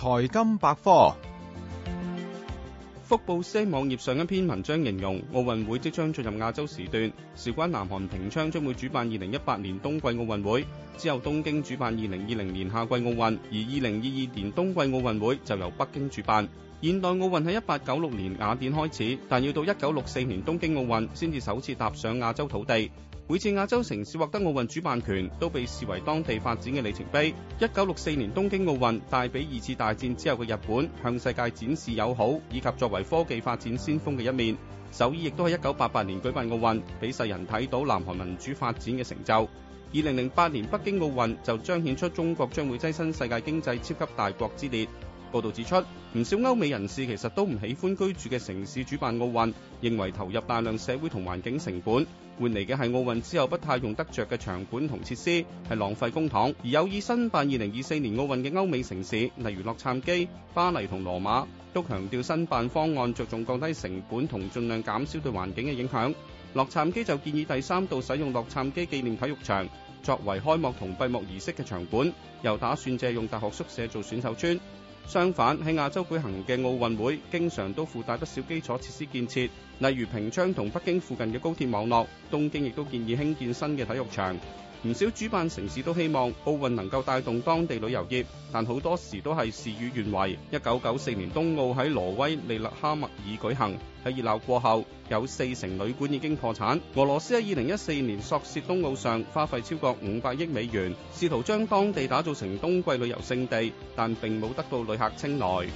財金百科，福布斯網頁上一篇文章形容，奧運會即將進入亞洲時段，事關南韓平昌將會主辦二零一八年冬季奧運會，之後東京主辦二零二零年夏季奧運，而二零二二年冬季奧運會就由北京主辦。現代奧運喺一八九六年雅典開始，但要到一九六四年東京奧運先至首次踏上亞洲土地。每次亞洲城市獲得奧運主辦權，都被視為當地發展嘅里程碑。一九六四年東京奧運帶俾二次大戰之後嘅日本，向世界展示友好以及作為科技發展先鋒嘅一面。首爾亦都喺一九八八年舉辦奧運，俾世人睇到南韓民主發展嘅成就。二零零八年北京奧運就彰顯出中國將會躋身世界經濟超級大國之列。報導指出，唔少歐美人士其實都唔喜歡居住嘅城市主辦奧運，認為投入大量社會同環境成本，換嚟嘅係奧運之後不太用得著嘅場館同設施，係浪費公帑。而有意申辦二零二四年奧運嘅歐美城市，例如洛杉磯、巴黎同羅馬，都強調申辦方案着重降低成本同盡量減少對環境嘅影響。洛杉磯就建議第三度使用洛杉磯紀念體育場作為開幕同閉幕儀式嘅場館，又打算借用大學宿舍做選手村。相反，喺亞洲舉行嘅奧運會經常都附帶不少基礎設施建設，例如平昌同北京附近嘅高鐵網絡，東京亦都建議興建新嘅體育場。唔少主辦城市都希望奧運能夠帶動當地旅遊業，但好多時都係事與願違。一九九四年冬奧喺挪威利勒哈默爾舉行，喺熱鬧過後，有四成旅館已經破產。俄羅斯喺二零一四年索契冬奧上花費超過五百億美元，試圖將當地打造成冬季旅遊勝地，但並冇得到旅客青睞。